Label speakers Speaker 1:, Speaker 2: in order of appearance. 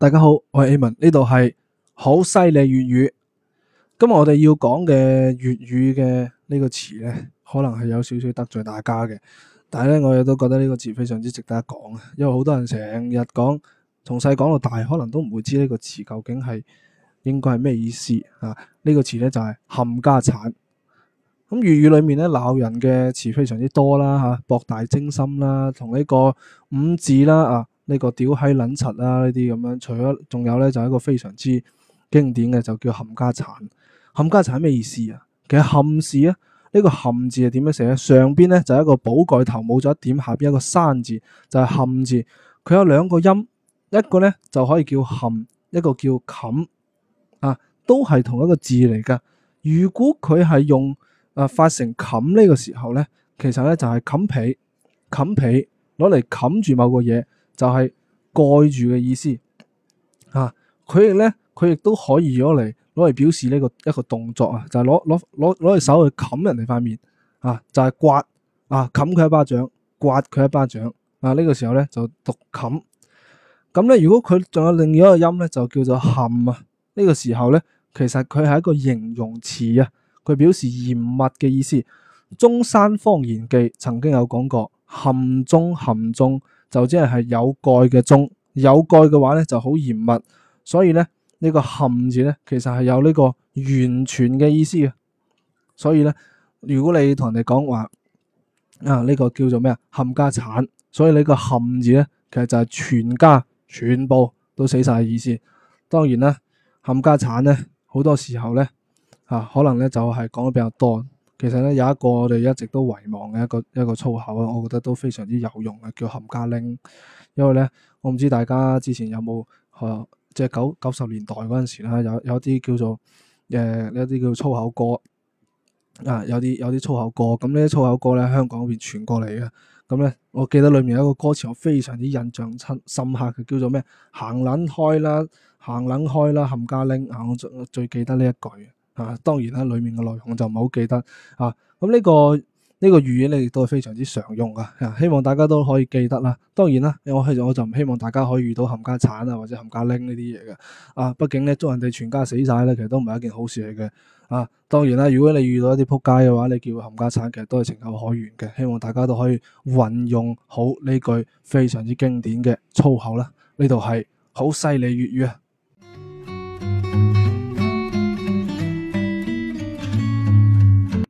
Speaker 1: 大家好，我係 Amin，呢度係好犀利粵語。今日我哋要講嘅粵語嘅呢個詞呢，可能係有少少得罪大家嘅，但係呢，我亦都覺得呢個詞非常之值得一講啊，因為好多人成日講，從細講到大，可能都唔會知呢個詞究竟係應該係咩意思啊？呢、這個詞呢，就係、是、冚家鏟。咁粵語裏面呢鬧人嘅詞非常之多啦，吓、啊、博大精深啦，同呢個五字啦啊。呢個屌閪撚柒啊！呢啲咁樣，除咗仲有咧，就係、是、一個非常之經典嘅，就叫冚家鏟。冚家鏟係咩意思啊？其實冚、這個、字啊，呢個冚字係點樣寫？上邊咧就係、是、一個寶蓋頭，冇咗一點，下邊一個山字就係、是、冚字。佢有兩個音，一個咧就可以叫冚，一個叫冚啊，都係同一個字嚟㗎。如果佢係用誒、呃、發成冚呢個時候咧，其實咧就係冚被、冚被攞嚟冚住某個嘢。就係蓋住嘅意思啊！佢亦咧，佢亦都可以攞嚟攞嚟表示呢、呢個一個動作、就係、啊，就係攞攞攞攞隻手去冚人哋塊面啊，就係刮啊，冚佢一巴掌，刮佢一巴掌啊！呢、呢個時候咧就讀冚咁咧。如果佢仲有另一個音咧，就叫做冚啊。呢、呢個時候咧，其實佢係一個形容詞啊，佢表示嚴密嘅意思。中山方言記曾經有講過冚中冚中。就即係係有蓋嘅鐘，有蓋嘅話咧就好嚴密，所以咧、這、呢個冚字咧其實係有呢個完全嘅意思嘅。所以咧如果你同人哋講話啊呢、呢個叫做咩啊冚家產，所以呢、呢個冚字咧其實就係全家全部都死曬意思。當然啦冚家產咧好多時候咧啊可能咧就係講得比較多。其實咧有一個我哋一直都遺忘嘅一個一個粗口啊，我覺得都非常之有用嘅，叫冚家拎。因為咧，我唔知大家之前有冇、啊，即係九九十年代嗰陣時啦，有有啲叫做，誒、呃，一啲叫粗口歌，啊，有啲有啲粗口歌，咁呢啲粗口歌咧，香港嗰邊傳過嚟嘅。咁咧，我記得裏面有一個歌詞我非常之印象親深刻嘅，叫做咩？行卵開啦，行卵開啦，冚家拎啊！我最最記得呢一句。啊，當然啦，裡面嘅內容我就唔係好記得啊。咁、啊、呢、呢個呢、呢個語言咧，亦都係非常之常用嘅。啊，希望大家都可以記得啦。當然啦，我其我就唔希望大家可以遇到冚家鏟啊，或者冚家拎呢啲嘢嘅。啊，畢竟咧，祝人哋全家死晒咧，其實都唔係一件好事嚟嘅。啊，當然啦，如果你遇到一啲仆街嘅話，你叫佢冚家鏟，其實都係情有可原嘅。希望大家都可以運用好呢句非常之經典嘅粗口啦。呢度係猴塞雷粵語啊！